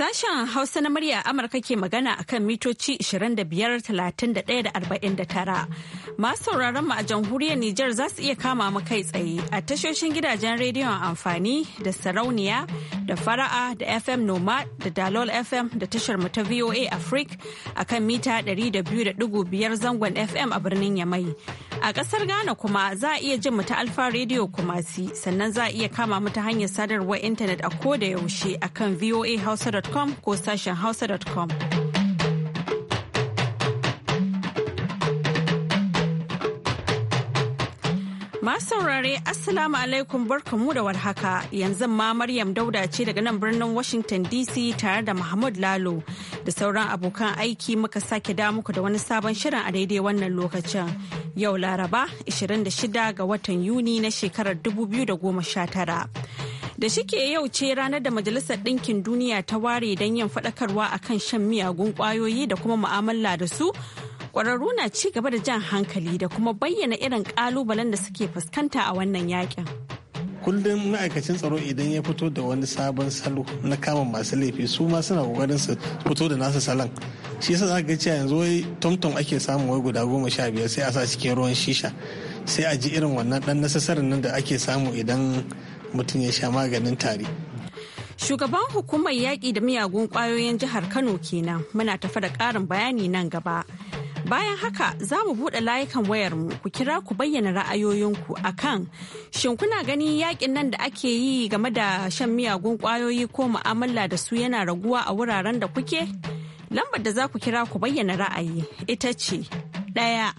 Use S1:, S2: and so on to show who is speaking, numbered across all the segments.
S1: Sashen Hausa na murya Amurka ke magana akan mitoci 25,31,49. Masu sauraron mu a jamhuriyar Nijar za su iya kama mu kai tsaye a tashoshin gidajen rediyon amfani da sarauniya da fara'a da FM Noma da Dalol FM da tashar mu ta VOA Africa kan mita 200.5 zangon FM a birnin Yamai. A ƙasar Ghana kuma za a iya jin mu ta Alfa rediyo Kumasi sannan za a iya kama mu ta hanyar sadarwar intanet a koda yaushe a kan akan Hausa voahausa.com ko sashen hausa.com. saurare Assalamu alaikum barkamu da warhaka yanzu ma Maryam Dauda ce daga nan birnin Washington DC tare da Mahmud Lalo da sauran abokan aiki muka sake da muku da wani sabon shirin a daidai wannan lokacin. Yau Laraba 26 ga watan Yuni na shekarar 2019. Da shike yau ce ranar da Majalisar Ɗinkin Duniya ta ware don yin faɗakarwa akan shan miyagun ƙwayoyi da kuma mu'amala da su. Ƙwararru na ci gaba da jan hankali da kuma bayyana irin ƙalubalen da suke fuskanta a wannan yakin.
S2: kullum ma'aikacin tsaro idan ya fito da wani sabon salo na kama masu laifi su ma suna kokarin su fito da nasu salon shi yasa zaka ga cewa yanzu wai tomtom ake samu wai guda goma sha biyar sai a sa cikin ruwan shisha sai a ji irin wannan dan nasasarin nan da ake samu idan mutum ya sha maganin tari
S1: Shugaban hukumar yaƙi da miyagun ƙwayoyin jihar Kano kenan muna tafi da ƙarin bayani nan gaba. Bayan haka za mu buɗe layukan wayarmu ku kira ku bayyana ra'ayoyinku a kan shin kuna ganin yaƙin nan da ake yi game da shan miyagun ƙwayoyi ko mu'amala da su yana raguwa a wuraren da kuke? Lambar da za ku kira ku bayyana ra'ayi ita ce ɗaya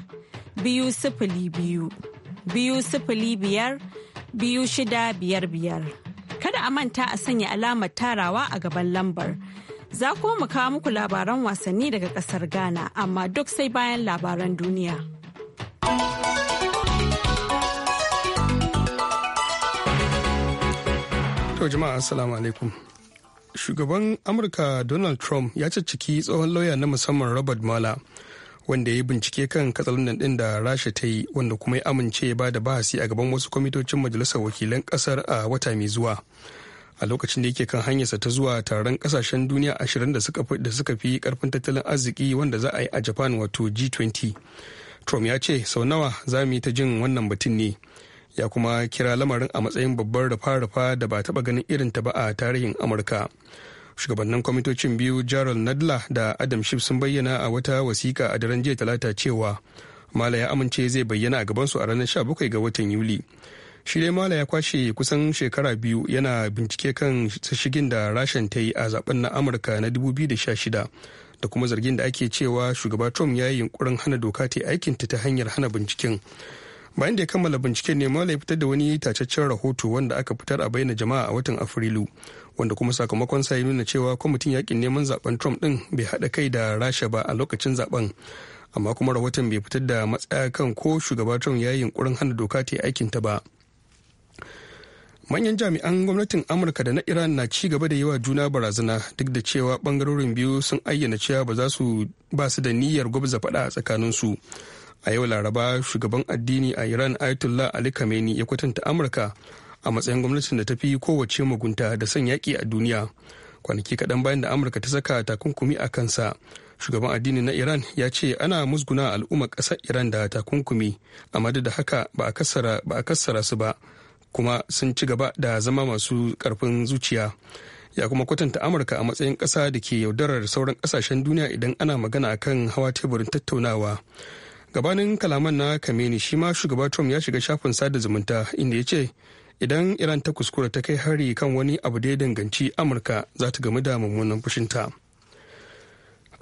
S1: biyu sifili biyu biyu sifili biyar biyu shida biyar biyar. Kada a manta a sanya alamar tarawa a gaban lambar. Za kuma mu kawo muku labaran wasanni daga kasar Ghana amma duk sai bayan labaran duniya.
S3: To
S4: jama'a assalamu alaikum. Shugaban Amurka Donald Trump ya cicciki tsohon lauya na musamman Robert Mueller wanda ya yi bincike kan katsalandan ɗin da rasha ta yi wanda kuma ya amince ya ba da bahasi a gaban wasu kwamitocin majalisar wakilan ƙasar a wata mai zuwa a lokacin da yake kan hanyarsa ta zuwa taron kasashen duniya ashirin da suka fi karfin tattalin arziki wanda za a yi a japan wato g20 trump ya ce sau nawa za mu yi ta jin wannan batun ne ya kuma kira lamarin a matsayin babbar rufa-rufa da ba taba ganin irinta ba a tarihin amurka shugabannin kwamitocin biyu jarol nadla da adam shif sun bayyana a wata wasiƙa a daren jiya talata cewa mala ya amince zai bayyana a gabansu a ranar 17 ga watan yuli shi dai mala ya kwashe kusan shekara biyu yana bincike kan shigin da rashin ta yi a zaben na amurka na 2016 da kuma zargin da ake cewa shugaba trump ya yi yunkurin hana doka ta aikinta ta hanyar hana binciken bayan da ya kammala binciken ne mala ya fitar da wani tacaccen rahoto wanda aka fitar a bayyana jama'a a watan afrilu wanda kuma sakamakon sa ya nuna cewa kwamitin yakin neman zaben trump din bai haɗa kai da rasha ba a lokacin zaben amma kuma rahoton bai fitar da matsaya kan ko shugaba trump ya yi yunkurin hana doka ta aikin ta ba manyan jami'an gwamnatin amurka da na iran na ci gaba da yawa juna barazana duk da cewa bangarorin biyu sun ayyana cewa ba za su ba su da niyyar gwabza faɗa a tsakanin su a yau laraba shugaban addini a iran ayatollah ali khamenei ya kwatanta amurka a matsayin gwamnatin da ta fi kowace mugunta da son yaƙi a duniya kwanaki kaɗan bayan da amurka ta saka takunkumi a kansa shugaban addini na iran ya ce ana musguna al'ummar ƙasar iran da takunkumi amma da haka ba a kassara su ba kuma sun ci gaba da zama masu ƙarfin zuciya ya kuma kwatanta amurka a matsayin ƙasa da ke yaudarar sauran ƙasashen duniya idan ana magana kan hawa teburin tattaunawa gabanin kalaman na kameni shi ma shugaba trump ya shiga shafin sada zumunta inda ya ce idan iran ta kuskura ta kai hari kan wani abu da ya danganci amurka za ta gamu da mummunan fushinta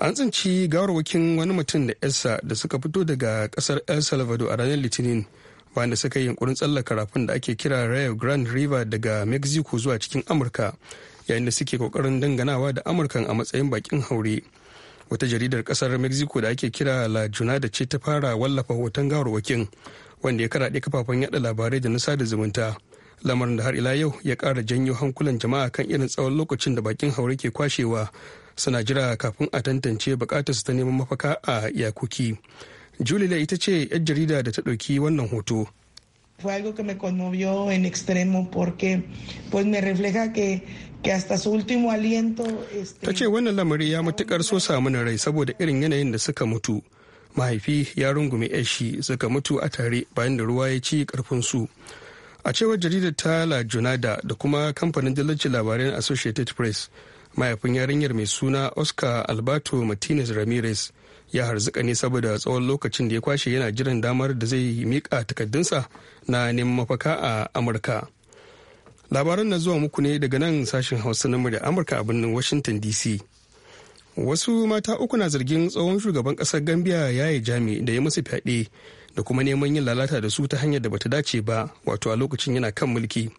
S4: an tsinci gawarwakin wani mutum da yarsa da suka fito daga kasar el salvador a ranar litinin bayan da suka yi yunkurin tsallaka rafin da ake kira rio grand river daga mexico zuwa cikin amurka yayin da suke kokarin danganawa da amurkan a matsayin bakin haure wata jaridar kasar mexico da ake kira la da ce ta fara wallafa hoton gawarwakin wanda ya karaɗe kafafen yada labarai da na sada zumunta lamarin da har ila yau ya kara janyo hankulan jama'a kan irin tsawon lokacin da bakin haure ke kwashewa suna jira kafin a tantance bukatar su ta neman mafaka a yakuki julila ita ce 'yar jarida da ta ɗauki wannan hoto fue algo wannan lamari ya matukar so samu na rai saboda irin yanayin da suka mutu mahaifi ya rungume shi suka mutu a tare bayan da ruwa ya ci karfin su a cewar jaridar ta la junada da kuma kamfanin labarai labaran associated press mahaifin yarinyar mai suna oscar alberto martinez ramirez ya harzuka ne saboda tsawon lokacin da ya kwashe yana jiran damar da zai miƙa takaddunsa na neman mafaka a amurka labaran na zuwa muku ne daga nan sashen hausa na murya amurka a birnin washington dc wasu mata uku na zargin tsohon shugaban ƙasar gambia yi jami da ya musu fyaɗe da kuma neman yin lalata da su ta hanyar da bata dace ba wato a lokacin yana kan mulki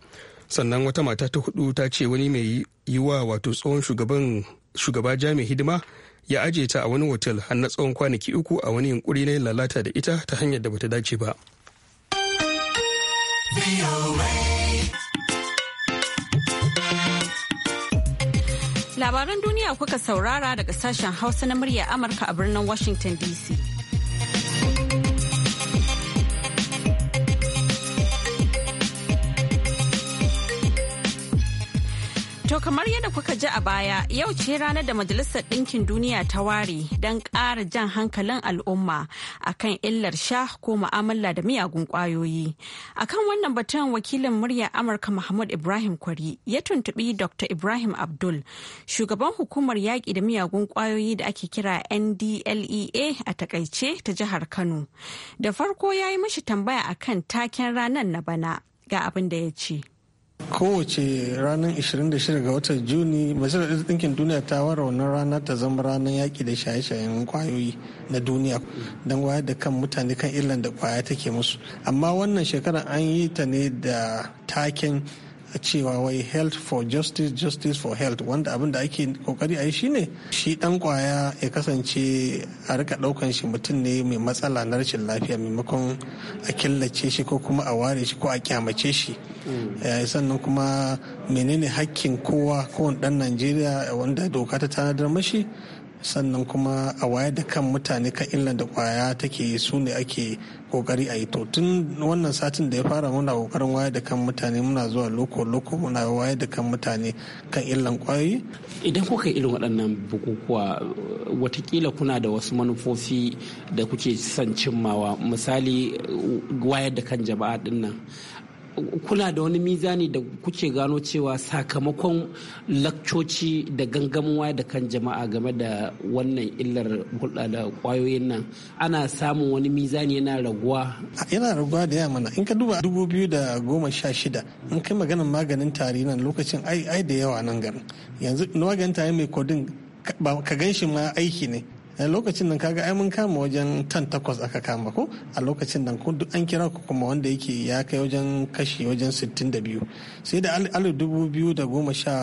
S4: sannan wata mata ta hudu ta ce wani mai yi wa wato tsohon shugaban shugaba jami hidima ya aje ta a wani otal har na tsawon kwanaki uku a wani yunkuri na yin lalata da ita ta hanyar da bata dace ba.
S1: Labaran duniya kuka saurara daga sashen Hausa na murya Amurka a birnin Washington DC. kamar yadda kuka ji a baya yau ce ranar da Majalisar Ɗinkin Duniya ta ware don ƙara jan hankalin al'umma akan illar sha ko mu'amala da miyagun ƙwayoyi. Akan wannan batun wakilin murya Amurka mahmud Ibrahim Kwari ya tuntuɓi Dr. Ibrahim Abdul, shugaban hukumar yaƙi da miyagun ƙwayoyi da ake kira NDLEA a takaice ta jihar Kano. Da farko ya yi mashi tambaya akan taken ranar na bana ga abin da ya ce.
S2: kowace ranar 26 ga watan juni majalisar ɗinkin duniya ta wara wannan rana ta zama ranar yaƙi da shaye-shayen kwayoyi na duniya don wayar da kan mutane kan illan da kwaya take musu amma wannan shekarar an yi ta ne da taken a cewa wai health for justice justice for health wanda abin da ake kokari a yi shine shi dan kwaya ya kasance a rika daukan shi mutum ne mai matsala na rashin lafiya maimakon a killace shi ko kuma a ware shi ko a kyamace shi mm. eh, sannan kuma menene hakkin kowa kowane dan najeriya wanda doka ta tanadar mashi sannan kuma a wayar da kan mutane kan illar da kwaya take su ne ake kokari a yi to tun wannan satin da ya fara muna kokarin wayar da kan mutane muna zuwa loko loko muna wayar da kan mutane
S5: kan illan kwayoyi idan kuka yi irin waɗannan bukukuwa watakila kuna da wasu manufofi da kuke son cimmawa misali wayar da kan jama'a dinnan kuna da wani mizani da kuke gano cewa sakamakon lakcoci da gangamuwa da kan jama'a game da wannan illar hulɗa da kwayoyin nan ana samun wani mizani yana raguwa yana raguwa da
S2: yamma in ka duba dubu biyu da goma sha shida in kai maganin maganin tari nan lokacin ai da yawa nan garin yanzu maganin tari mai kodin ka gan shi ma aiki ne Eh, lokacin nan kaga ai mun kama wajen tan takwas aka kama ko a lokacin nan duk an kira ku kuma wanda yake ya kai wajen kashi wajen 62 sai da alif dubu biyu da goma sha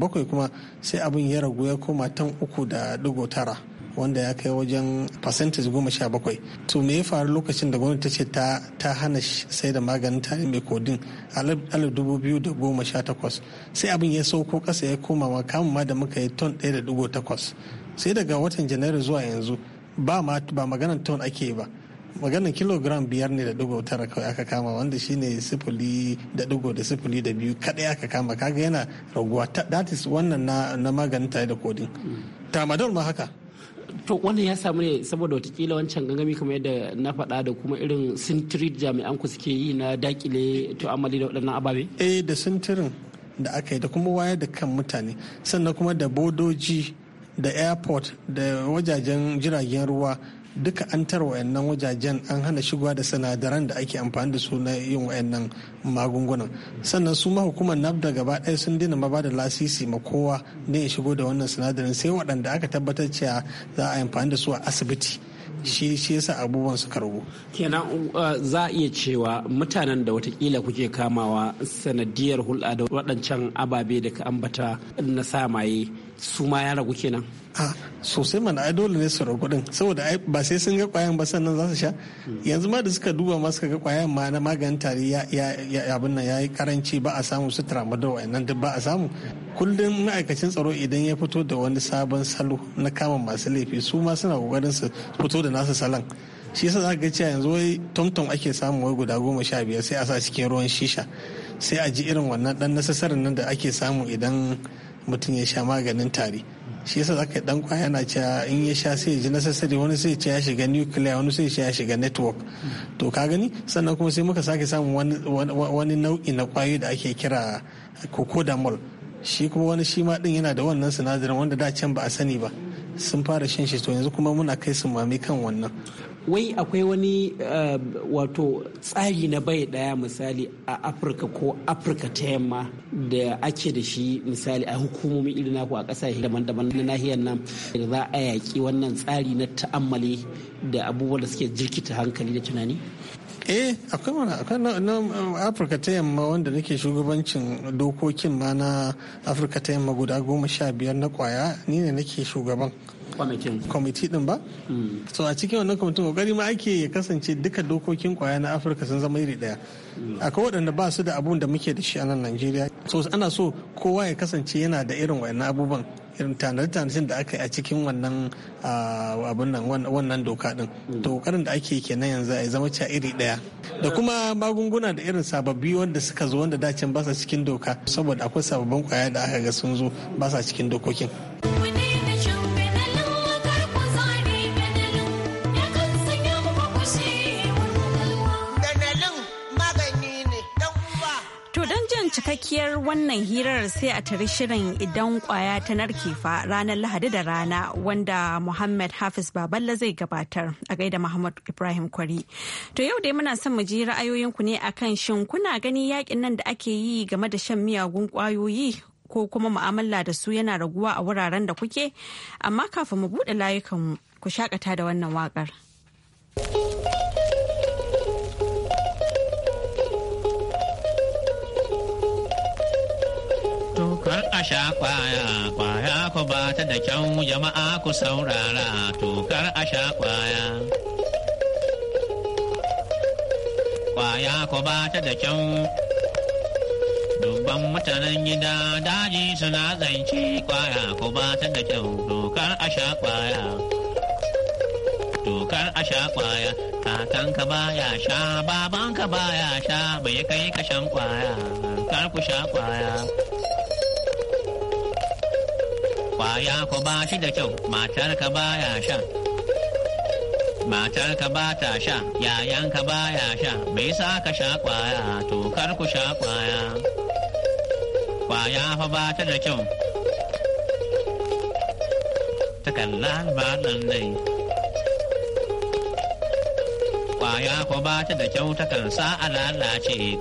S2: bakwai kuma sai abin ya ragu ya koma tan uku da digo tara wanda ya kai wajen percentage goma sha bakwai to me ya faru lokacin da gwamnati ta ce ta hana sai da maganin tari mai kodin alif dubu biyu da goma sha takwas sai abin ya sauko kasa ya koma ma kamun ma da muka yi ton ɗaya da digo takwas sai daga watan janairu zuwa yanzu ba ba maganar ton ake ba maganan kilogram biyar ne da dugo tara kawai aka kama wanda shine sifili da dugo da sifili da biyu kadai aka kama kaga yana raguwa that is wannan na, na maganin tare da kodin tamadol ma haka
S5: to wannan ya samu ne saboda watakila wancan gangami kamar yadda na faɗa da kuma irin sintirin jami'an ku suke yi na dakile amali da waɗannan ababe
S2: eh da sintirin da aka yi da kuma wayar da kan mutane sannan kuma da bodoji da airport da wajajen jiragen ruwa duka an tar wayannan wajajen an hana shigowa da sinadaran da ake amfani da su na yin wayannan magungunan sannan su ma hukumar nafda gaba ɗaya sun dina ma da lasisi ma kowa ne ya shigo da wannan sinadarin sai waɗanda aka tabbatar cewa za a amfani da su a asibiti shi shi yasa abubuwan su karbo
S5: kenan uh, za a iya cewa mutanen da watakila kuke kamawa sanadiyar hulɗa da waɗancan ababe da ka ambata na samaye su ma ya ragu kenan a
S2: sosai mana ai dole ne su ragu din saboda ba sai sun ga kwayan ba sannan za su sha yanzu ma da suka duba ma suka ga kwayan ma na maganin tari ya abin nan yayi karanci ba a samu su tramadol wa'annan duk ba a samu kullum ma'aikacin tsaro idan ya fito da wani sabon salo na kama masu laifi su ma suna kokarin su fito da nasu salon shi yasa za ga cewa yanzu wai tomtom ake samu wai guda goma sha biyar sai a sa cikin ruwan shisha sai a ji irin wannan dan nasasarin nan da ake samu idan mutum ya sha maganin tari shi yasa zaka dan kwaya yana cewa in ya sha sai ji necessary wani sai ce ya shiga nuclear wani sai ce ya shiga network to ka gani sannan kuma sai muka sake samun wani nau'i na kwayoyi da ake kira cocodamol shi kuma wani shi ma din yana da wannan sinadarin wanda da can ba a sani ba sun fara shan shi to yanzu kuma
S5: muna kai su mami kan wannan wai akwai wani eh, wato tsari na bai daya misali a afirka ko afirka ta yamma da ake da shi misali a hukumomi irin naku a kasashe daban-daban na nahiyar nan da za a yaƙi wannan tsari na ta'ammali da abubuwan da suke jirkita hankali da tunani eh akwai mana
S2: akwai na afirka ta yamma wanda nake shugabancin dokokin ma na afirka ta yamma guda goma sha biyar na kwaya ni ne nake shugaban kwamitin kwamiti din ba hmm. so a cikin wannan kwamitin kokari ma ake ya kasance duka dokokin kwaya na afirka sun zama iri daya hmm. akwai waɗanda ba su da abun da muke da shi a nan najeriya so ana so kowa ya kasance yana da irin wayannan abubuwan irin tanadi tanadin da aka yi a cikin wannan abun nan wannan doka din hmm. to kokarin da ake kenan yanzu a zama cewa iri daya da kuma magunguna da irin sababbi wanda suka zo wanda dacin ba sa cikin doka saboda akwai sababbin kwaya da aka ga sun zo ba sa cikin dokokin
S1: cikakkiyar wannan hirar sai a tari shirin idan kwaya ta narke fa ranar Lahadi da rana wanda Muhammad Hafiz Baballa zai gabatar a gaida Muhammad Ibrahim Kwari. To yau dai muna son mu ji ra'ayoyinku ne akan shin kuna gani yakin nan da ake yi game da shan miyagun kwayoyi ko kuma mu'amala da su yana raguwa a wuraren da kuke amma kafin mu buɗe layukan ku shakata da wannan waƙar.
S3: a kwaya, kwaya ku ba ta da kyau jama'a ku saurara tokar a sha kwaya. Kwaya ku ba ta da kyau dubban mutanen gida daji suna zance kwaya ku ba ta da kyau Tokar a sha kwaya. Tokar a sha kwaya, kakanka ba ya sha, babanka ba ya sha, bai kai kashan kwaya, kar ku sha kwaya. baya ku ba shi da kyau matar ka baya sha matar ka ba ta sha yayan ka baya sha me yasa ka sha kwaya to kar ku sha kwaya kwaya fa ba ta da kyau ta kalla ba nan dai kwaya ku ba ta da kyau ta kan sa a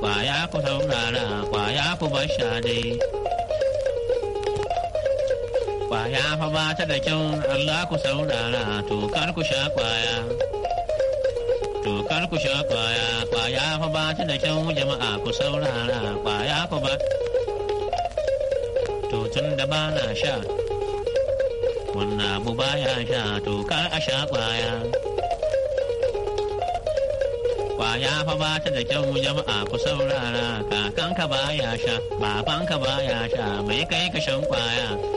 S3: kwaya ku saurara kwaya ku bar sha dai ya fa ba ta da kyau Allah ku saurara kar ku sha kwaya. kar ku sha kwaya kwaya fa ba ta da kyau jama'a ku saurara kwaya ku ba. To tun da ba na sha wannan abu baya sha kar a sha kwaya. Kwaya fa ba ta da kyau jama'a ku saurara kakanka baya sha babanka baya sha mai kai ka shan kwaya.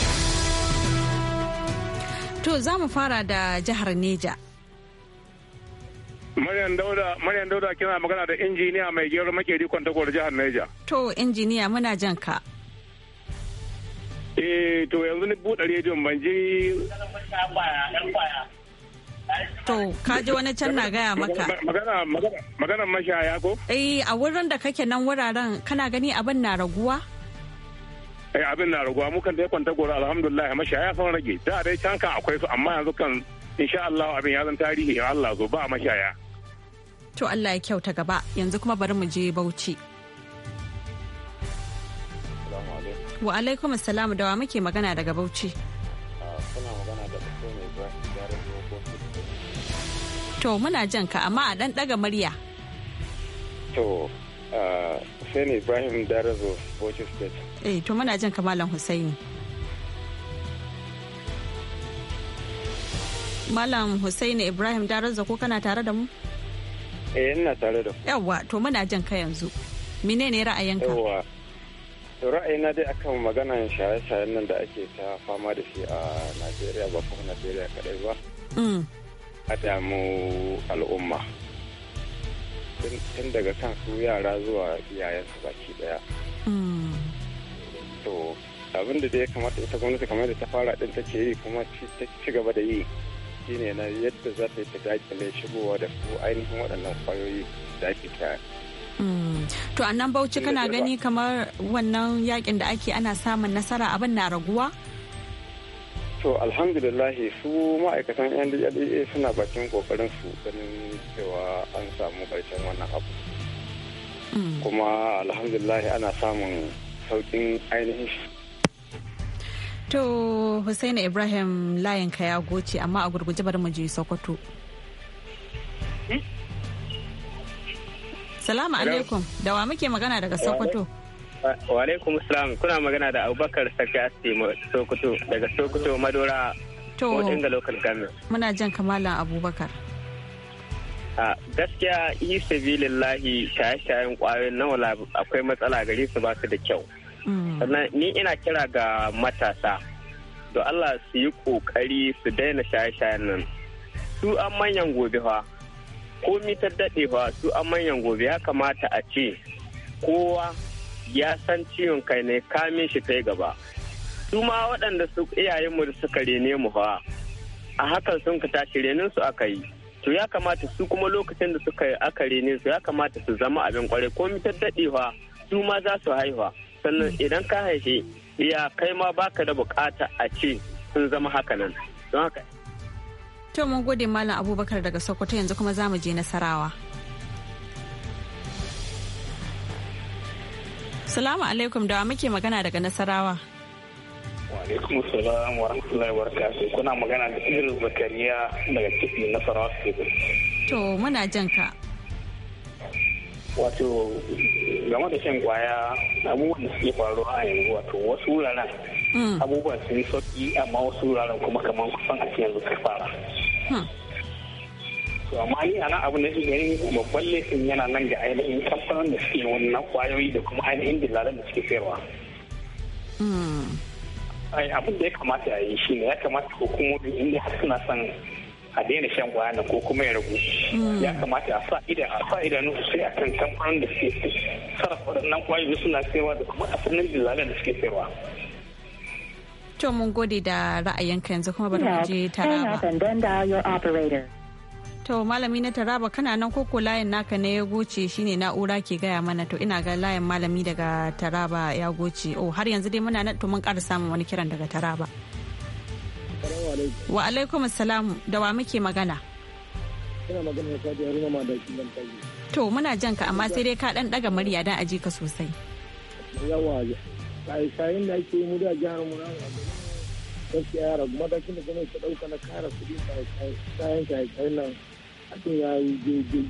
S1: To za mu fara da jihar Neja.
S6: Maryam Dauda, kina magana da injiniya mai gero makeri kwantakwar jihar Neja.
S1: To injiniya muna jan ka.
S7: Eh to yanzu ni buɗe rediyon ban ji.
S1: To ka ji wani can na gaya maka.
S7: Magana magana mashaya ko?
S1: Eh a wurin da kake nan wuraren kana gani abin na raguwa?
S6: eh abin na raguwa mukan da ya kwanta gora alhamdulillah mashaya sun rage da dai can kan akwai su amma
S7: yanzu kan insha Allah abin ya zan tarihi ya Allah zo ba mashaya
S1: to Allah ya kyauta gaba yanzu kuma bari mu je Bauchi wa alaikum assalamu da wa muke magana daga Bauchi ah, to muna jan ka amma a dan daga murya
S6: to Uh, Hussein Ibrahim Darazo, Bauchi State.
S1: Eh, to muna jin kamalan Hussein. Malam Hussein Ibrahim Darazo ko kana tare da mu?
S7: Eh, ina
S6: tare da. mu.
S1: Yawwa, to muna jin ka yanzu. Menene ra'ayinka?
S6: Yawwa. ra'ayina dai akan maganan shaye-shayen nan da ake ta fama da shi a Najeriya ba kuma Najeriya kadai ba. Mm. A damu al'umma. tun daga kan su yara zuwa iyayensu baki daya mm. to abin da dai kamata ita gwamnati kamar da ta fara din take yi kuma ta ci gaba da yi shine na yadda za ta yi ta dakile shigowa da su ainihin waɗannan kwayoyi da ake ta
S1: mm. to a nan bauchi kana gani kamar wannan yakin da ake ana samun nasara abin na raguwa
S6: to alhamdulillahi su ma'aikatan ndlea suna bakin kokarin su ganin cewa an samu karshen wannan abu mm. kuma alhamdulillahi ana samun sauƙin ainihin shi
S1: to Hussaini ibrahim layinka ya goce amma a gurguje bari mu je sokoto hmm? salamu alaikum da wa muke magana daga sokoto Wa salam
S7: kuna magana da Abubakar Sarki Asti Sokoto daga Sokoto Madora
S1: to muna jan kamalan Abubakar.
S7: a gaskiya sabi lillahi shaye-shayen kwayoyin nawa akwai matsala gare su ba su da kyau
S3: mm. sannan
S7: ni ina kira ga matasa da allah su yi kokari su daina shaye-shayen nan su an manyan gobe fa ko mitar daɗe fa su an manyan gobe ya kamata a ce kowa ya san ciwon kai ne kamin shi kai gaba su ma waɗanda su iyayenmu da suka rene mu fa a hakan sun ka tashi renin su aka yi to ya kamata su kuma lokacin da suka aka rene su ya kamata su zama abin kwarai ko mitar daɗewa su ma za su haihuwa sannan idan ka haife ya kai ma baka da bukata a ce sun zama hakanan don haka
S1: to mun gode malam abubakar daga sokoto yanzu kuma za mu je nasarawa Salamu alaikum da muke magana daga Nasarawa.
S7: alaikum salam wa rahmatullahi wa barakatuh kuna magana da Idris Zakariya daga cikin Nasarawa State.
S1: To muna jan ka.
S7: Wato game da shan kwaya abubuwan da suke faruwa a yanzu wato wasu wuraren hmm. abubuwan sun sauki amma wasu wuraren kuma kamar kusan a yanzu ka fara. Hmm. to amma ni ana abu na da shi gani babban laifin yana nan ga ainihin kamfanin da suke wannan kwayoyi da kuma ainihin dillalan da suke sayarwa. Hmm. abin da ya kamata a yi shi ne ya kamata hukumomi inda har suna son a daina shan kwaya nan ko kuma ya ragu ya hmm. kamata a sa idan a sa idan sai a kan kamfanin da suke sarrafa waɗannan kwayoyi suna sayarwa da kuma asalin dillalan da
S1: suke sayarwa. To mun gode da ra'ayinka yanzu kuma bari mu je ba. To malami na Taraba kana nan koko layin naka ne ya goce shine na'ura ke gaya mana to ina ga layin malami daga Taraba ya goce. Oh har yanzu dai muna nan to mun ƙara samun wani kiran daga Taraba. Wa alaikum salam da wa muke magana.
S7: Ina magana da Sadi Haruna Madaki nan kai.
S1: To muna jan ka amma sai dai ka dan daga murya dan aji ka sosai.
S7: Yawa. Sai sayin da ake mu da jihar mu na gaskiya ya ragu matakin da gwamnati ta ɗauka na kara kuɗi kayan shaye-shayen nan a cikin ya yi daidai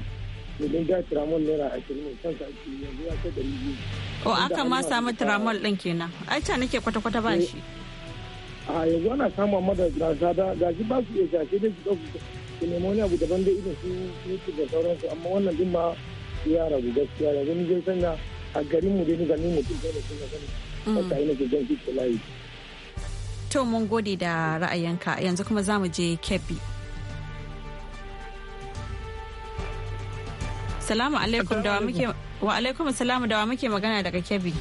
S7: domin da tiramol naira ashirin ne kansa ake
S1: yanzu ya kai ɗari biyu.
S7: o aka ma samu tiramol
S1: ɗin kenan ai ta nake kwata-kwata ba shi.
S7: Eh, a yanzu ana samu amma da gasa da gashi ba su iya shashe da su ɗauka su nemi wani abu daban da irin su su da sauransu amma wannan din ma ya ragu gaskiya yanzu ni zai sanya a garinmu dai ni ganin mutum da sun ga sani.
S3: Wata
S1: mm.
S7: ina ke jan fi layi.
S1: To mun gode da ra'ayinka yanzu kuma za mu je Kebbi. Salamu alaikum da wa alaikum salamu da wa muke magana daga Kebbi.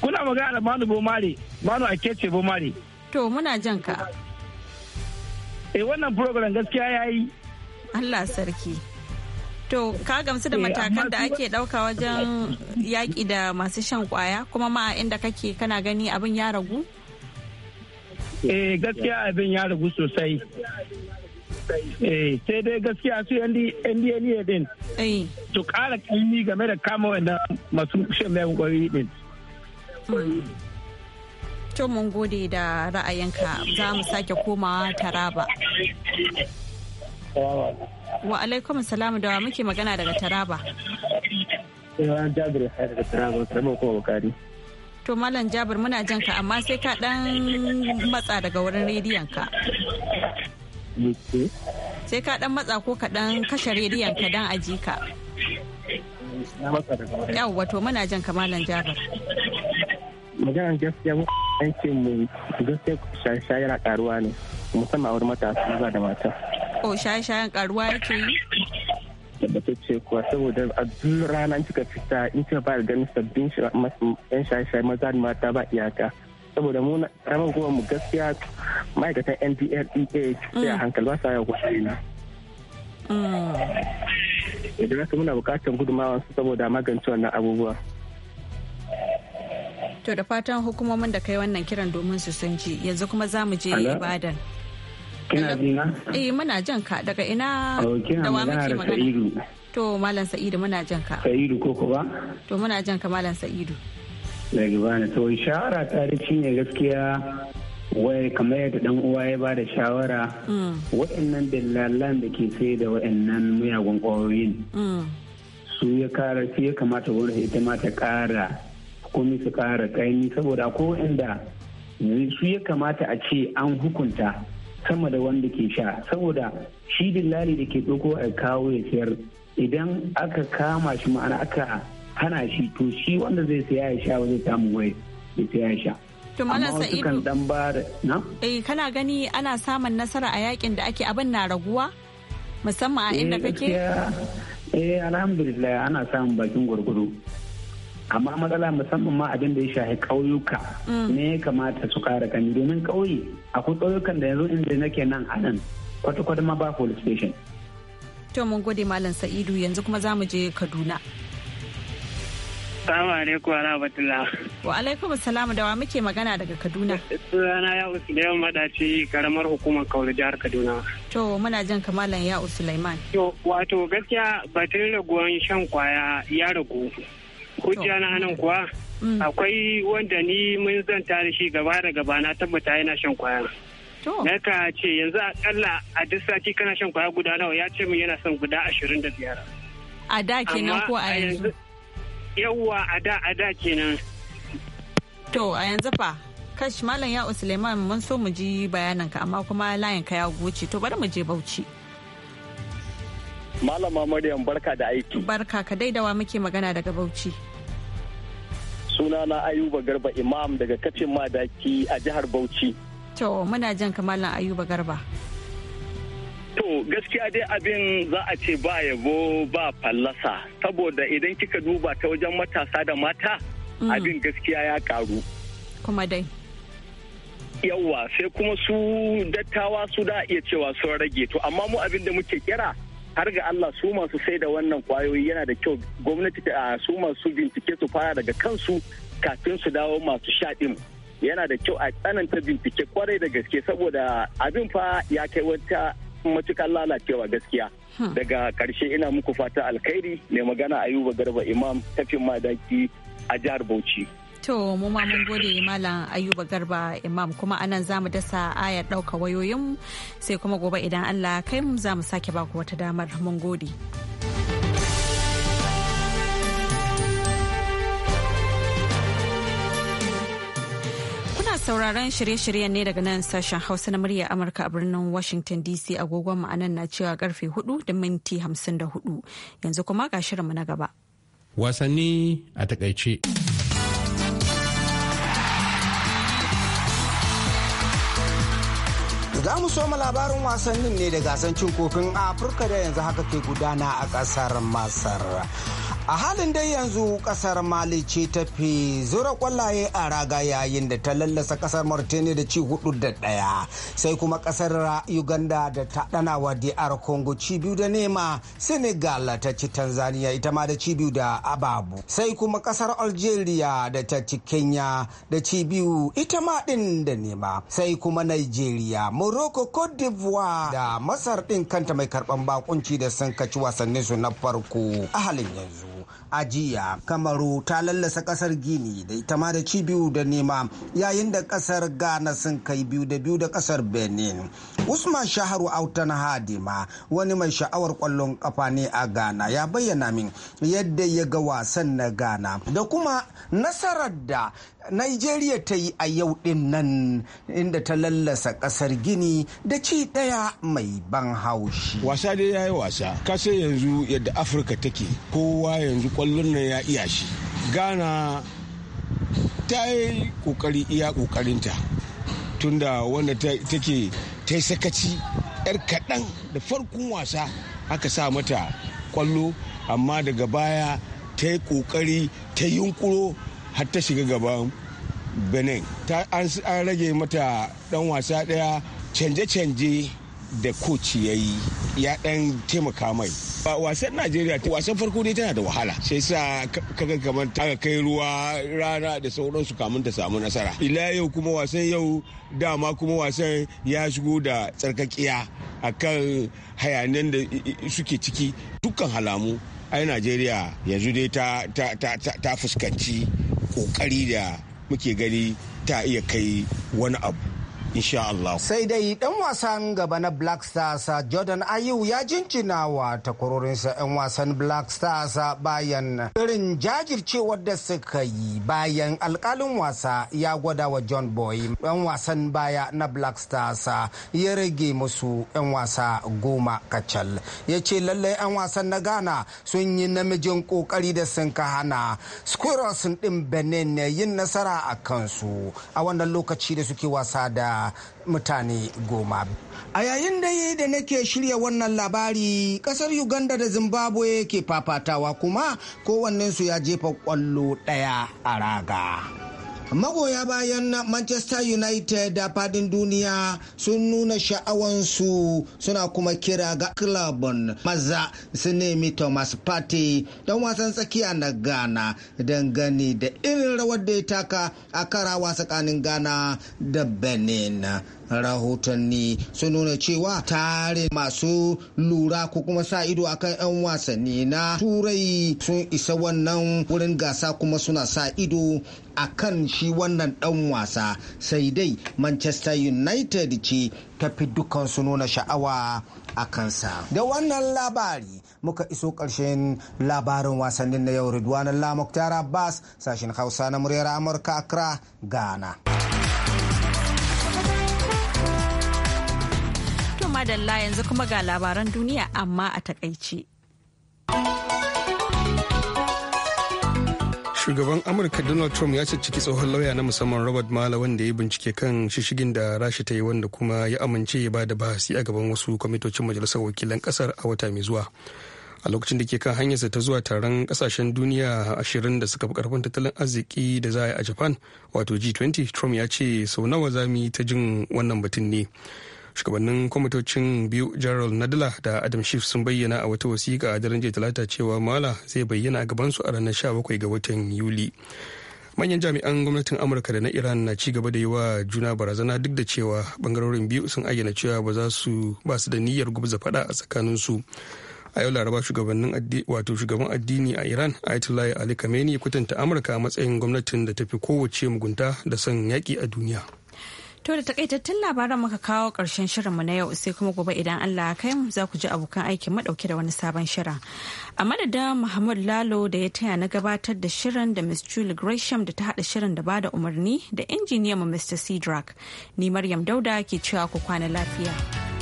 S7: Kuna magana da Manu bomari Manu Akece bomari.
S1: To muna jan ka. Eh wannan program gaskiya yayi. Allah sarki. To ka gamsu da eh, matakan da ake ɗauka wajen yaƙi da masu shan kwaya kuma ma inda kake kana gani abin ya ragu?
S7: eh gaskiya abin ya ragu sosai eh sai dai gaskiya su NDLEA din to kara ƙaimi game da kama wanda masu shan mai ƙwari din
S1: hmm. to mun gode da ra'ayinka za mu sake komawa taraba wa alaikum salamu da muke magana daga taraba
S7: jabir daga taraba karamar kuma bukari
S1: to malam jabir muna jin ka amma sai ka dan matsa daga wurin rediyon ka sai ka dan matsa ko ka dan kashe rediyon ka dan aji ka yawwa to muna jin ka malam jabir
S7: Magana gaskiya aikin mu gaskiya shaye-shaye na karuwa ne musamman a wurin matasa maza da mata.
S1: Oh shaye-shayen karuwa yake yi? tabbatacce
S7: kuwa saboda a duk rana kika fita in kika fara ganin sabbin yan shaye-shaye maza da mata ba iyaka saboda mu ramar goma mu gaskiya ma'aikatan ndlea sai a mm. hankali ba sa yawa kwashi na mm. idan haka muna bukatar gudumawa su saboda magance wannan abubuwa
S1: to da fatan hukumomin da kai wannan kiran domin su sun ji yanzu kuma za mu je ibadan Kina jina? Eh muna jan ka daga ina oh, da wa muke
S5: magana.
S1: To Malam Sa'idu muna jan ka.
S7: Sa'idu ko kuwa?
S1: To muna jan ka Malam Sa'idu.
S7: Daga bana to shawara ta da shine gaskiya wai kamar yadda dan uwa ya bada shawara mm. wa'annan dillalan da ke sai da wa'annan miyagun ƙwayoyin mm. su ya kara su ya kamata wani ita ta mata kara hukumi su kara kaini saboda ko inda su ya kamata a ce an hukunta sama da wanda ke sha saboda shi dillali da ke ɗauko a kawo ya sayar idan aka kama shi ma'ana aka hana shi to shi wanda zai saya ya sha zai samu wai ya saya ya sha
S1: amma
S7: dan ba na
S1: eh kana gani ana samun nasara a yakin da ake abin na raguwa musamman a inda eh, kake
S7: eh alhamdulillah ana samun bakin gwargwado amma matsala musamman ma abin da ya shafi ƙauyuka mm. ne ya kamata su ƙara gani domin ƙauye akwai ƙauyukan da yanzu inda nake nan a nan kwata-kwata ma ba police station.
S1: To mun gode Malam Sa'idu yanzu kuma za mu je Kaduna.
S7: Salamu alaikum wa rahmatullah.
S1: Wa alaikum salam da wa muke magana daga Kaduna. Sunana ya
S7: Usulaiman madaci karamar hukumar Kauru jihar Kaduna.
S1: To muna jan kamalan ya Usulaiman. To wato gaskiya batun raguwan shan kwaya ya ragu.
S7: hujja na nan kuwa mm. akwai wanda ni mun zanta da shi gaba da gaba na tabbata yana shan kwaya na ka ce yanzu akalla a duk sati kana shan kwaya guda nawa ya ce min yana son guda ashirin da biyar
S1: a da kenan ko a yanzu
S7: yawwa a da a da kenan
S1: to a yanzu fa kash malam ya suleiman mun so mu ji ka amma kuma layin ka ya goce to bari mu je bauchi
S7: malama maryam barka da
S1: aiki barka ka daidawa muke magana daga bauchi
S7: sunana ayuba garba imam daga kacin madaki a jihar bauchi
S1: to muna jan kamalan ayuba garba
S7: To gaskiya dai abin za a ce ba yabo ba fallasa saboda idan kika duba ta wajen matasa da mata mm. abin gaskiya ya karu. Kuma dai. Yawwa sai kuma su dattawa su da iya cewa sun rage to amma mu abin da muke kira har ga Allah su masu sai da wannan kwayoyi yana da kyau gwamnati ta su masu bincike su fara daga kansu kafin su dawo masu shaɗin yana da kyau a tsananta bincike kwarai da gaske saboda abin fa ya kai wata matukar lalacewa gaskiya hmm. daga karshe ina muku fata alkhairi mai magana ayuba garba imam tafin madaki a jihar bauchi
S1: To mu ma mun gode Malam Ayuba Garba Imam kuma anan zamu dasa ayar ɗauka wayoyin sai kuma gobe idan Allah kai mu zamu sake baku wata damar mun gode. sauraron shirye-shiryen ne daga nan sashen hausa na murya amurka a birnin washington dc agogon ma'anan na cewa karfe 4 da minti 54 yanzu kuma ga shirinmu na gaba
S4: wasanni a takaice
S1: Za mu soma
S8: labarin wasannin ne da gasar cin kofin Afirka da yanzu haka ke gudana a ƙasar Masar. a halin dai yanzu kasar mali ce ta fi zura kwallaye a raga yayin da ta lallasa kasar martini da ci hudu da daya sai kuma kasar uganda da ta dana wa dr congo ci biyu da nema senegal ta ci tanzania ita ma da ci biyu da ababu sai kuma kasar algeria da ta ci kenya da ci biyu ita ma din da nema sai kuma nigeria morocco cote d'ivoire da masar din kanta mai karban bakunci da sun kaci wasannin su na farko a halin yanzu ajiya kamaru ta lallasa kasar gini da ita ma da cibiyu da nema yayin da kasar ghana sun kai biyu da biyu da kasar benin usman shaharu autan hadima wani mai sha'awar kwallon kafa ne a ghana ya bayyana min yadda ya ga wasan na ghana da kuma nasarar da Nigeria ta yi a yau din nan inda ta lallasa ƙasar Gini da ci
S6: ɗaya mai ban haushi. Wasa dai ya yi wasa, kasa yanzu yadda Afirka take kowa yanzu kwallon nan ya iya shi. Ghana ta yi ƙoƙari iya ƙoƙarinta tunda wanda take ta yi sakaci 'yar kaɗan da farkon wasa aka sa mata ƙwallo amma daga baya ta yi ƙoƙari ta yunkuro har ta shiga gaban benin ta an rage mata dan wasa daya canje-canje da koci ya yi ya dan taimaka mai wasan najeriya wasan farko dai tana da wahala sai sa kaga kamar ta kai ruwa rana da sauransu kamun ta samu nasara ila yau kuma wasan yau dama kuma wasan ya shigo da tsarkakiya a kan hayanan da suke ciki dukkan halamu ai najeriya yanzu dai ta fuskanci kokari da muke gani ta iya kai wani abu insha Allah. Sai
S8: dai dan wasan gaba na Black Stars Jordan Ayew ya jinjina wa takwarorinsa 'yan wasan Black Stars bayan irin jajircewar da suka yi bayan alkalin wasa ya gwada wa John Boy ɗan wasan baya na Black Stars ya rage musu 'yan wasa goma kacal. Ya ce lallai 'yan wasan na Ghana sun yi namijin kokari da sun ka hana Squirrels din Benin yin nasara a kansu a wannan lokaci da suke wasa da mutane goma. A yayin da da nake shirya wannan labari kasar Uganda da Zimbabwe ke fafatawa kuma kowannensu ya jefa kwallo ɗaya a raga. magoya bayan manchester united da fadin duniya sun nuna sha'awansu suna kuma kira ga kilabon maza su nemi thomas party don wasan tsakiya na ghana dangane da irin rawar da ya taka a karawa tsakanin ghana da benin rahotanni su nuna cewa tare masu lura ko kuma sa ido akan 'yan wasanni na turai sun isa wannan wurin gasa kuma suna sa ido a kan shi wannan dan wasa sai dai manchester united ce ta fi dukansu nuna sha'awa a kansa da wannan labari muka iso ƙarshen labarin wasannin na yau ridwanan lamuktar abbas sashen hausa na muryar amurka accra ghana
S1: madalla yanzu kuma ga labaran duniya amma a takaice.
S4: Shugaban Amurka Donald Trump ya cicciki tsohon lauya na musamman Robert Mueller wanda ya bincike kan shishigin da Rasha ta yi wanda kuma ya amince ya ba da bahasi a gaban wasu kwamitocin majalisar wakilan kasar a wata mai zuwa. A lokacin da ke kan hanyarsa ta zuwa taron kasashen duniya ashirin da suka fi karfin tattalin arziki da za a yi a Japan wato G20, Trump ya ce sau nawa za yi ta jin wannan batun ne. shugabannin kwamitocin biyu general nadala da adam shif sun bayyana a wata wasiƙa a daren jiya talata cewa mala zai bayyana a gabansu a ranar 17 ga watan yuli manyan jami'an gwamnatin amurka da na iran na ci gaba da yi wa juna barazana duk da cewa bangarorin biyu sun ayyana cewa ba za su ba su da niyyar gubza fada a tsakanin su a yau laraba shugabannin wato shugaban addini a iran ayatollah ali khamenei kwatanta amurka a matsayin gwamnatin da ta fi kowace mugunta da son yaki a duniya
S1: To da takaitattun labaran muka kawo ƙarshen shirinmu na yau sai kuma gobe idan Allah ya kai za ku ji abokan aikin madauke da wani sabon shirin. A madadin Muhammad Lalo da ya taya na gabatar da shirin da Miss Julie Gresham da ta hada shirin da bada umarni da injiniyan mu Mr. Cedric. Ni Maryam Dauda ke cewa ku kwana lafiya.